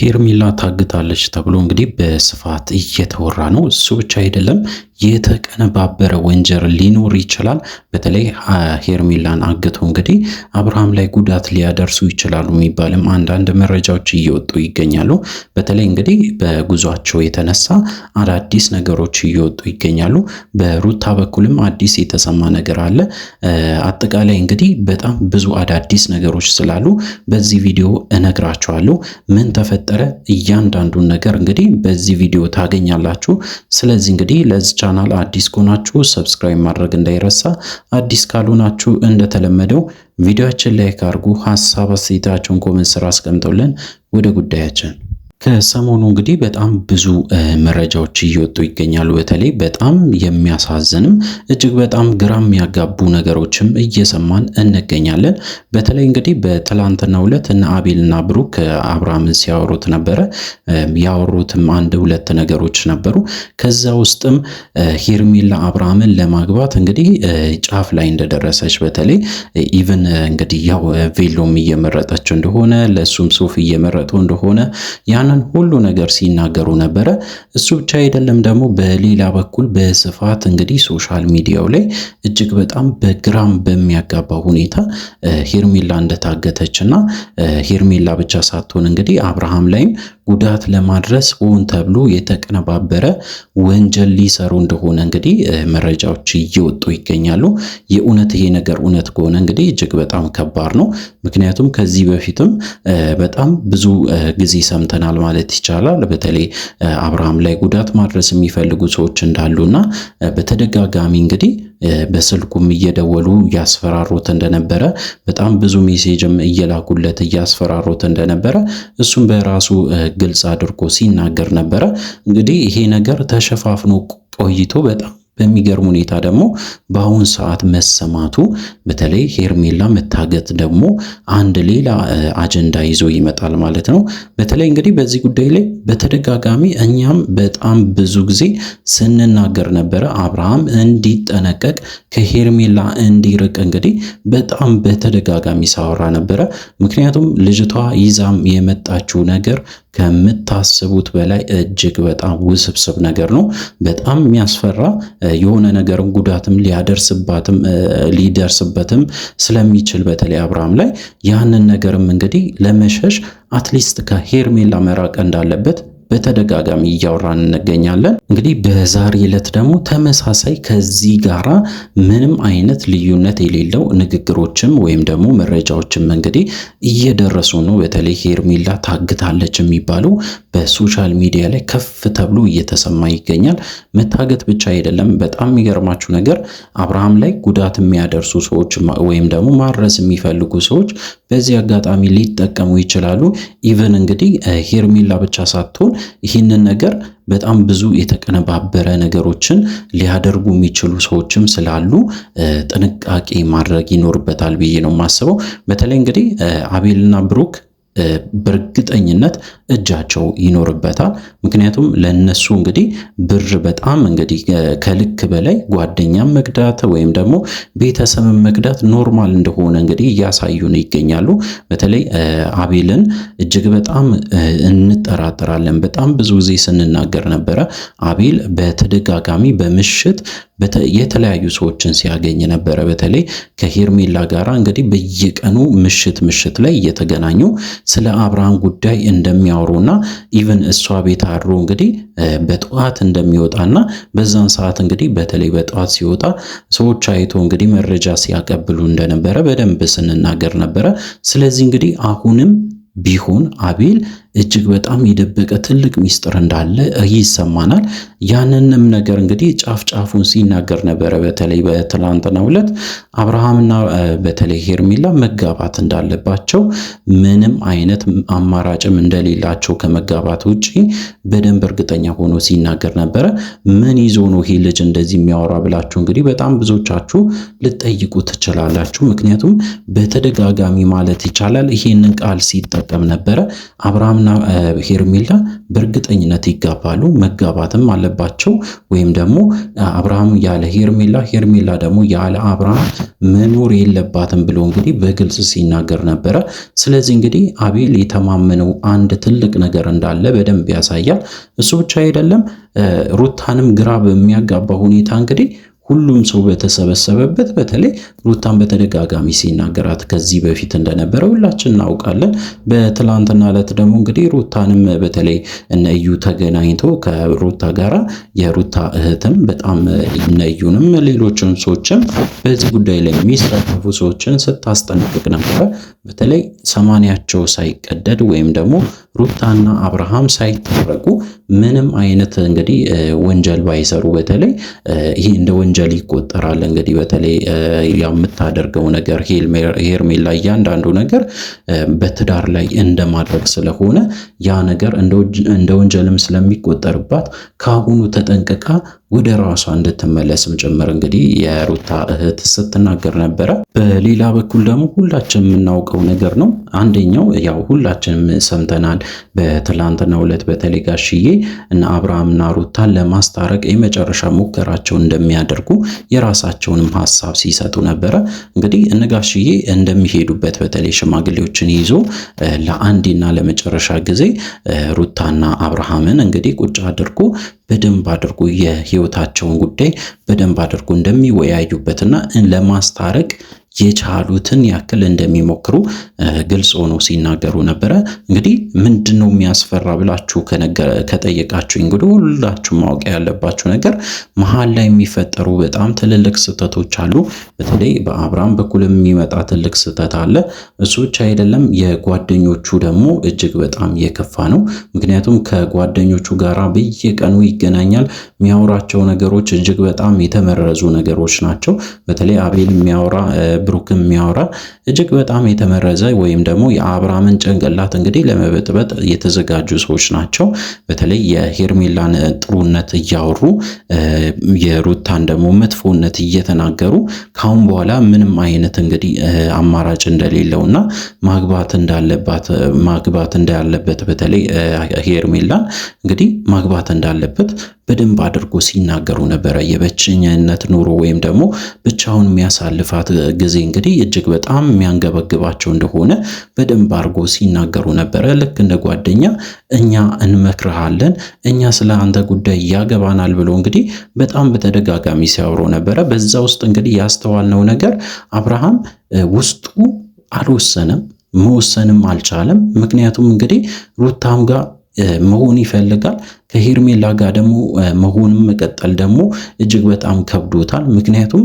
ሄርሜላ ታግታለች ተብሎ እንግዲህ በስፋት እየተወራ ነው። እሱ ብቻ አይደለም የተቀነባበረ ወንጀል ሊኖር ይችላል። በተለይ ሄርሜላን አግቶ እንግዲህ አብርሃም ላይ ጉዳት ሊያደርሱ ይችላሉ የሚባልም አንዳንድ መረጃዎች እየወጡ ይገኛሉ። በተለይ እንግዲህ በጉዟቸው የተነሳ አዳዲስ ነገሮች እየወጡ ይገኛሉ። በሩታ በኩልም አዲስ የተሰማ ነገር አለ። አጠቃላይ እንግዲህ በጣም ብዙ አዳዲስ ነገሮች ስላሉ በዚህ ቪዲዮ እነግራችኋለሁ። ምን ተፈጠረ እያንዳንዱን ነገር እንግዲህ በዚህ ቪዲዮ ታገኛላችሁ። ስለዚህ እንግዲህ ለዚህ ቻናል አዲስ ከሆናችሁ ሰብስክራይብ ማድረግ እንዳይረሳ። አዲስ ካልሆናችሁ እንደተለመደው ቪዲዮአችን ላይክ አድርጉ። ሀሳብ አስተያየታችሁን ኮሜንት ስራ አስቀምጠውልን። ወደ ጉዳያችን ከሰሞኑ እንግዲህ በጣም ብዙ መረጃዎች እየወጡ ይገኛሉ። በተለይ በጣም የሚያሳዝንም እጅግ በጣም ግራም ያጋቡ ነገሮችም እየሰማን እንገኛለን። በተለይ እንግዲህ በትላንትናው ዕለት እነ አቤልና ብሩክ አብርሃምን ሲያወሩት ነበረ። ያወሩትም አንድ ሁለት ነገሮች ነበሩ። ከዛ ውስጥም ሄርሜላ አብርሃምን ለማግባት እንግዲህ ጫፍ ላይ እንደደረሰች በተለይ ኢቨን እንግዲህ ያው ቬሎም እየመረጠች እንደሆነ ለእሱም ሱፍ እየመረጡ እንደሆነ ያን ያንን ሁሉ ነገር ሲናገሩ ነበረ። እሱ ብቻ አይደለም ደግሞ በሌላ በኩል በስፋት እንግዲህ ሶሻል ሚዲያው ላይ እጅግ በጣም በግራም በሚያጋባ ሁኔታ ሄርሜላ እንደታገተች እና ሄርሜላ ብቻ ሳትሆን እንግዲህ አብርሃም ላይም ጉዳት ለማድረስ ሆን ተብሎ የተቀነባበረ ወንጀል ሊሰሩ እንደሆነ እንግዲህ መረጃዎች እየወጡ ይገኛሉ። የእውነት ይሄ ነገር እውነት ከሆነ እንግዲህ እጅግ በጣም ከባድ ነው። ምክንያቱም ከዚህ በፊትም በጣም ብዙ ጊዜ ሰምተናል ማለት ይቻላል። በተለይ አብርሃም ላይ ጉዳት ማድረስ የሚፈልጉ ሰዎች እንዳሉና በተደጋጋሚ እንግዲህ በስልኩም እየደወሉ እያስፈራሩት እንደነበረ በጣም ብዙ ሜሴጅም እየላኩለት እያስፈራሩት እንደነበረ እሱም በራሱ ግልጽ አድርጎ ሲናገር ነበረ። እንግዲህ ይሄ ነገር ተሸፋፍኖ ቆይቶ በጣም በሚገርም ሁኔታ ደግሞ በአሁን ሰዓት መሰማቱ በተለይ ሄርሜላ መታገት ደግሞ አንድ ሌላ አጀንዳ ይዞ ይመጣል ማለት ነው። በተለይ እንግዲህ በዚህ ጉዳይ ላይ በተደጋጋሚ እኛም በጣም ብዙ ጊዜ ስንናገር ነበረ። አብርሃም እንዲጠነቀቅ ከሄርሜላ እንዲርቅ እንግዲህ በጣም በተደጋጋሚ ሳወራ ነበረ። ምክንያቱም ልጅቷ ይዛም የመጣችው ነገር ከምታስቡት በላይ እጅግ በጣም ውስብስብ ነገር ነው። በጣም የሚያስፈራ የሆነ ነገርም ጉዳትም ሊያደርስባትም ሊደርስበትም ስለሚችል በተለይ አብርሃም ላይ ያንን ነገርም እንግዲህ ለመሸሽ አትሊስት ከሄርሜላ መራቅ እንዳለበት በተደጋጋሚ እያወራን እንገኛለን። እንግዲህ በዛሬ ዕለት ደግሞ ተመሳሳይ ከዚህ ጋራ ምንም አይነት ልዩነት የሌለው ንግግሮችም ወይም ደግሞ መረጃዎችም እንግዲህ እየደረሱ ነው። በተለይ ሄርሜላ ታግታለች የሚባለው በሶሻል ሚዲያ ላይ ከፍ ተብሎ እየተሰማ ይገኛል። መታገት ብቻ አይደለም። በጣም የሚገርማችሁ ነገር አብርሃም ላይ ጉዳት የሚያደርሱ ሰዎች ወይም ደግሞ ማድረስ የሚፈልጉ ሰዎች በዚህ አጋጣሚ ሊጠቀሙ ይችላሉ። ኢቨን እንግዲህ ሄርሜላ ብቻ ሳትሆን ይህንን ነገር በጣም ብዙ የተቀነባበረ ነገሮችን ሊያደርጉ የሚችሉ ሰዎችም ስላሉ ጥንቃቄ ማድረግ ይኖርበታል ብዬ ነው የማስበው። በተለይ እንግዲህ አቤልና ብሩክ በእርግጠኝነት እጃቸው ይኖርበታል። ምክንያቱም ለነሱ እንግዲህ ብር በጣም እንግዲህ ከልክ በላይ ጓደኛም መግዳት ወይም ደግሞ ቤተሰብን መግዳት ኖርማል እንደሆነ እንግዲህ እያሳዩን ይገኛሉ። በተለይ አቤልን እጅግ በጣም እንጠራጠራለን። በጣም ብዙ ጊዜ ስንናገር ነበረ። አቤል በተደጋጋሚ በምሽት የተለያዩ ሰዎችን ሲያገኝ ነበረ። በተለይ ከሄርሜላ ጋራ እንግዲህ በየቀኑ ምሽት ምሽት ላይ እየተገናኙ ስለ አብርሃም ጉዳይ እንደሚያወሩና ኢቨን እሷ ቤት አድሮ እንግዲህ በጠዋት እንደሚወጣና በዛን ሰዓት እንግዲህ በተለይ በጠዋት ሲወጣ ሰዎች አይቶ እንግዲህ መረጃ ሲያቀብሉ እንደነበረ በደንብ ስንናገር ነበረ። ስለዚህ እንግዲህ አሁንም ቢሆን አቤል እጅግ በጣም የደበቀ ትልቅ ሚስጥር እንዳለ ይሰማናል። ያንንም ነገር እንግዲህ ጫፍ ጫፉን ሲናገር ነበረ። በተለይ በትላንትናው ዕለት አብርሃምና በተለይ ሄርሜላ መጋባት እንዳለባቸው ምንም አይነት አማራጭም እንደሌላቸው ከመጋባት ውጪ በደንብ እርግጠኛ ሆኖ ሲናገር ነበረ። ምን ይዞ ነው ይሄ ልጅ እንደዚህ የሚያወራ ብላችሁ እንግዲህ በጣም ብዙዎቻችሁ ልጠይቁ ትችላላችሁ። ምክንያቱም በተደጋጋሚ ማለት ይቻላል ይሄንን ቃል ሲጠቀም ነበረ አብርሃም ሂራምና ሄርሜላ በእርግጠኝነት ይጋባሉ፣ መጋባትም አለባቸው። ወይም ደግሞ አብርሃም ያለ ሄርሜላ፣ ሄርሜላ ደግሞ ያለ አብርሃም መኖር የለባትም ብሎ እንግዲህ በግልጽ ሲናገር ነበረ። ስለዚህ እንግዲህ አቤል የተማመነው አንድ ትልቅ ነገር እንዳለ በደንብ ያሳያል። እሱ ብቻ አይደለም፣ ሩታንም ግራ በሚያጋባ ሁኔታ እንግዲህ ሁሉም ሰው በተሰበሰበበት በተለይ ሩታን በተደጋጋሚ ሲናገራት ከዚህ በፊት እንደነበረ ሁላችን እናውቃለን። በትላንትና ዕለት ደግሞ እንግዲህ ሩታንም በተለይ እነዩ ተገናኝቶ ከሩታ ጋር የሩታ እህትም በጣም እነዩንም ሌሎችን ሰዎችም በዚህ ጉዳይ ላይ የሚሳተፉ ሰዎችን ስታስጠነቅቅ ነበረ። በተለይ ሰማንያቸው ሳይቀደድ ወይም ደግሞ ሩታና አብርሃም ሳይታረቁ ምንም አይነት እንግዲህ ወንጀል ባይሰሩ በተለይ ይሄ እንደ ወንጀል ይቆጠራል። እንግዲህ በተለይ የምታደርገው ነገር ሄርሜላ እያንዳንዱ ነገር በትዳር ላይ እንደማድረግ ስለሆነ ያ ነገር እንደ ወንጀልም ስለሚቆጠርባት ከአሁኑ ተጠንቅቃ ወደ ራሷ እንድትመለስም ጭምር እንግዲህ የሩታ እህት ስትናገር ነበረ። በሌላ በኩል ደግሞ ሁላችን የምናውቀው ነገር ነው። አንደኛው ያው ሁላችንም ሰምተናል። በትላንትና ዕለት በተለይ ጋሽዬ እና አብርሃምና ሩታን ለማስታረቅ የመጨረሻ ሙከራቸውን እንደሚያደርጉ የራሳቸውንም ሀሳብ ሲሰጡ ነበረ። እንግዲህ እነ ጋሽዬ እንደሚሄዱበት በተለይ ሽማግሌዎችን ይዞ ለአንዴና ለመጨረሻ ጊዜ ሩታና አብርሃምን እንግዲህ ቁጭ አድርጎ በደንብ አድርጎ የህይወታቸውን ጉዳይ በደንብ አድርጎ እንደሚወያዩበትና ለማስታረቅ የቻሉትን ያክል እንደሚሞክሩ ግልጽ ሆኖ ሲናገሩ ነበረ። እንግዲህ ምንድን ነው የሚያስፈራ ብላችሁ ከጠየቃችሁ እንግዲህ ሁላችሁ ማወቅ ያለባችሁ ነገር መሀል ላይ የሚፈጠሩ በጣም ትልልቅ ስህተቶች አሉ። በተለይ በአብርሃም በኩል የሚመጣ ትልቅ ስህተት አለ። እሱ ብቻ አይደለም፣ የጓደኞቹ ደግሞ እጅግ በጣም የከፋ ነው። ምክንያቱም ከጓደኞቹ ጋራ በየቀኑ ይገናኛል። የሚያወራቸው ነገሮች እጅግ በጣም የተመረዙ ነገሮች ናቸው። በተለይ አቤል የሚያወራ ብሩክ የሚያወራ እጅግ በጣም የተመረዘ ወይም ደግሞ የአብርሃምን ጭንቅላት እንግዲህ ለመበጥበጥ የተዘጋጁ ሰዎች ናቸው። በተለይ የሄርሜላን ጥሩነት እያወሩ የሩታን ደግሞ መጥፎነት እየተናገሩ ካሁን በኋላ ምንም አይነት እንግዲህ አማራጭ እንደሌለውና ማግባት እንዳለባት ማግባት እንዳለበት በተለይ ሄርሜላን እንግዲህ ማግባት እንዳለበት በደንብ አድርጎ ሲናገሩ ነበረ። የብቸኝነት ኑሮ ወይም ደግሞ ብቻውን የሚያሳልፋት ጊዜ እንግዲህ እጅግ በጣም የሚያንገበግባቸው እንደሆነ በደንብ አድርጎ ሲናገሩ ነበረ። ልክ እንደ ጓደኛ እኛ እንመክርሃለን፣ እኛ ስለ አንተ ጉዳይ ያገባናል ብሎ እንግዲህ በጣም በተደጋጋሚ ሲያወሩ ነበረ። በዛ ውስጥ እንግዲህ ያስተዋልነው ነገር አብርሃም ውስጡ አልወሰነም፣ መወሰንም አልቻለም። ምክንያቱም እንግዲህ ሩታም ጋር መሆን ይፈልጋል ከሄርሜላ ጋር ደግሞ መሆንም መቀጠል ደግሞ እጅግ በጣም ከብዶታል። ምክንያቱም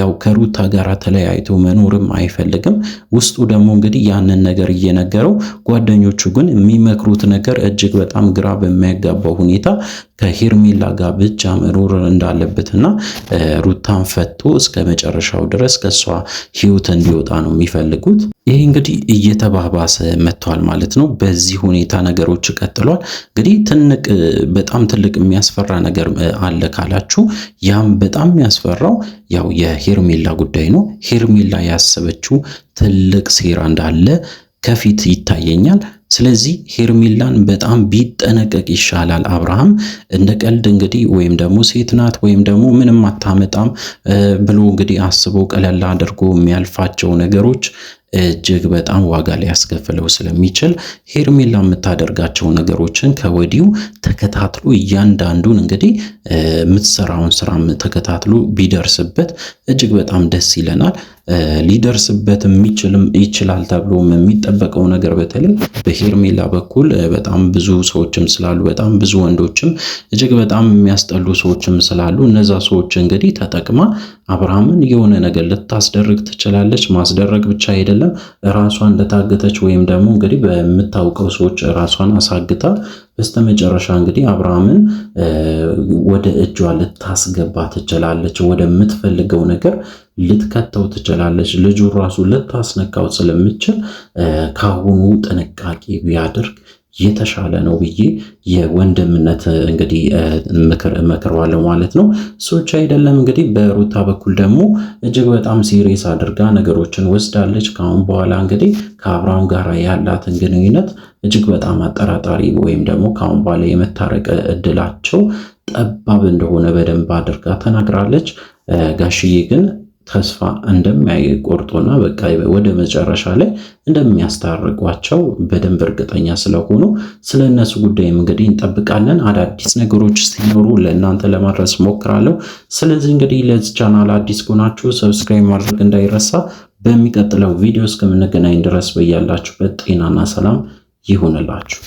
ያው ከሩታ ጋር ተለያይቶ መኖርም አይፈልግም። ውስጡ ደግሞ እንግዲህ ያንን ነገር እየነገረው፣ ጓደኞቹ ግን የሚመክሩት ነገር እጅግ በጣም ግራ በሚያጋባው ሁኔታ ከሄርሜላ ጋር ብቻ መኖር እንዳለበትና ሩታን ፈቶ እስከ መጨረሻው ድረስ ከእሷ ህይወት እንዲወጣ ነው የሚፈልጉት። ይሄ እንግዲህ እየተባባሰ መጥቷል ማለት ነው። በዚህ ሁኔታ ነገሮች ቀጥሏል እንግዲህ ትንቅ በጣም ትልቅ የሚያስፈራ ነገር አለ ካላችሁ ያም በጣም የሚያስፈራው ያው የሄርሜላ ጉዳይ ነው። ሄርሜላ ያሰበችው ትልቅ ሴራ እንዳለ ከፊት ይታየኛል። ስለዚህ ሄርሜላን በጣም ቢጠነቀቅ ይሻላል አብርሃም። እንደ ቀልድ እንግዲህ ወይም ደግሞ ሴት ናት ወይም ደግሞ ምንም አታመጣም ብሎ እንግዲህ አስቦ ቀለል አድርጎ የሚያልፋቸው ነገሮች እጅግ በጣም ዋጋ ሊያስከፍለው ስለሚችል ሄርሜላ የምታደርጋቸው ነገሮችን ከወዲሁ ተከታትሎ እያንዳንዱን እንግዲህ የምትሰራውን ስራ ተከታትሎ ቢደርስበት እጅግ በጣም ደስ ይለናል። ሊደርስበት የሚችልም ይችላል ተብሎም የሚጠበቀው ነገር በተለይ በሄርሜላ በኩል በጣም ብዙ ሰዎችም ስላሉ በጣም ብዙ ወንዶችም እጅግ በጣም የሚያስጠሉ ሰዎችም ስላሉ እነዛ ሰዎች እንግዲህ ተጠቅማ አብርሃምን የሆነ ነገር ልታስደርግ ትችላለች። ማስደረግ ብቻ አይደለም ራሷን እንደታገተች ወይም ደግሞ እንግዲህ በምታውቀው ሰዎች ራሷን አሳግታ በስተመጨረሻ እንግዲህ አብርሃምን ወደ እጇ ልታስገባ ትችላለች። ወደምትፈልገው ነገር ልትከተው ትችላለች። ልጁ ራሱ ልታስነካው ስለምችል ከአሁኑ ጥንቃቄ ቢያደርግ የተሻለ ነው ብዬ የወንድምነት እንግዲህ መክረዋለሁ ማለት ነው። ሶች አይደለም እንግዲህ በሩታ በኩል ደግሞ እጅግ በጣም ሲሪየስ አድርጋ ነገሮችን ወስዳለች። ከአሁን በኋላ እንግዲህ ከአብርሃም ጋር ያላትን ግንኙነት እጅግ በጣም አጠራጣሪ ወይም ደግሞ ከአሁን በኋላ የመታረቅ እድላቸው ጠባብ እንደሆነ በደንብ አድርጋ ተናግራለች። ጋሽዬ ግን ተስፋ እንደማይቆርጡና በቃ ወደ መጨረሻ ላይ እንደሚያስታርቋቸው በደንብ እርግጠኛ ስለሆኑ ስለ እነሱ ጉዳይም እንግዲህ እንጠብቃለን። አዳዲስ ነገሮች ሲኖሩ ለእናንተ ለማድረስ ሞክራለሁ። ስለዚህ እንግዲህ ለዚህ ቻናል አዲስ ከሆናችሁ ሰብስክራይብ ማድረግ እንዳይረሳ። በሚቀጥለው ቪዲዮ እስከምንገናኝ ድረስ በያላችሁበት ጤናና ሰላም ይሁንላችሁ።